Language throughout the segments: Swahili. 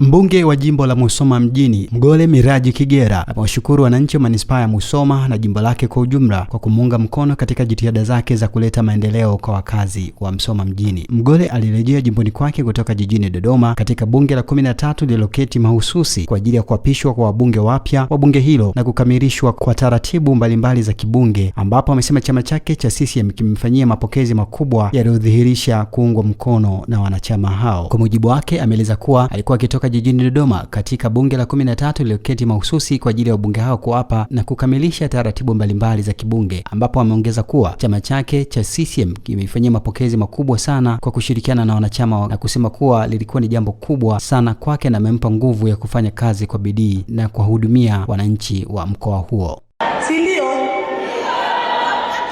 Mbunge wa jimbo la Musoma mjini Mgole Miraji Kigera amewashukuru wananchi wa manispaa ya Musoma na jimbo lake kwa ujumla kwa kumuunga mkono katika jitihada zake za kuleta maendeleo kwa wakazi wa Musoma mjini. Mgole alirejea jimboni kwake kutoka jijini Dodoma katika bunge la 13 na tatu lililoketi mahususi kwa ajili ya kuapishwa kwa wabunge wapya wa bunge hilo na kukamilishwa kwa taratibu mbalimbali za kibunge, ambapo amesema chama chake cha CCM kimemfanyia mapokezi makubwa yaliyodhihirisha kuungwa mkono na wanachama hao. Kwa mujibu wake, ameeleza kuwa alikuwa akitoka kutoka jijini Dodoma katika bunge la 13 lililoketi mahususi kwa ajili ya wabunge hao kuapa na kukamilisha taratibu mbalimbali za kibunge, ambapo ameongeza kuwa chama chake cha CCM kimeifanyia mapokezi makubwa sana kwa kushirikiana na wanachama na kusema kuwa lilikuwa ni jambo kubwa sana kwake na amempa nguvu ya kufanya kazi kwa bidii na kuwahudumia wananchi wa mkoa huo. Si ndio?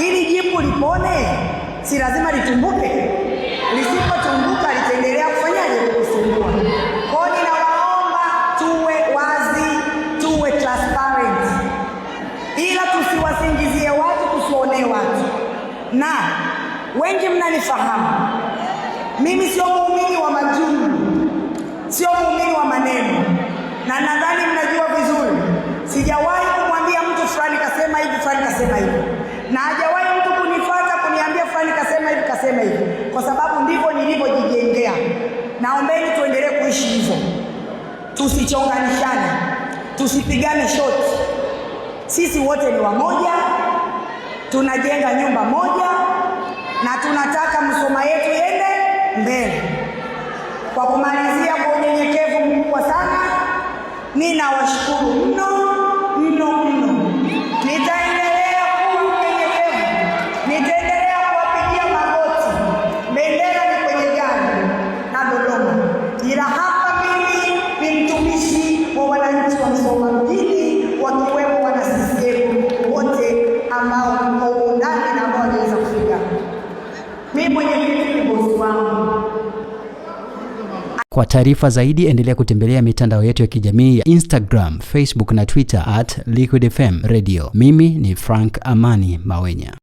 Ili jipu lipone si lazima litumbuke. wasingizie watu, tusiwaonee watu, na wengi mnanifahamu mimi sio muumini wa majungu, sio muumini wa maneno, na nadhani mnajua vizuri. Sijawahi kumwambia mtu fulani kasema hivi, fulani kasema hivi, na hajawahi mtu kunifuata kuniambia fulani kasema hivi, kasema hivi, kwa sababu ndivyo nilivyojijengea. Naombeni tuendelee kuishi hivyo, tusichonganishane, tusipigane shoti. Sisi wote ni wamoja, tunajenga nyumba moja na tunataka msoma yetu ende mbele. Kwa kumalizia, kwa unyenyekevu mkubwa sana, mimi nawashukuru mno ambao mko ndani na ambao wanaweza kufika. Mimi mwenyekiti ni bosi wangu. Kwa taarifa zaidi endelea kutembelea mitandao yetu ya kijamii ya Instagram, Facebook na Twitter at Liquid FM Radio. Mimi ni Frank Amani Mawenya.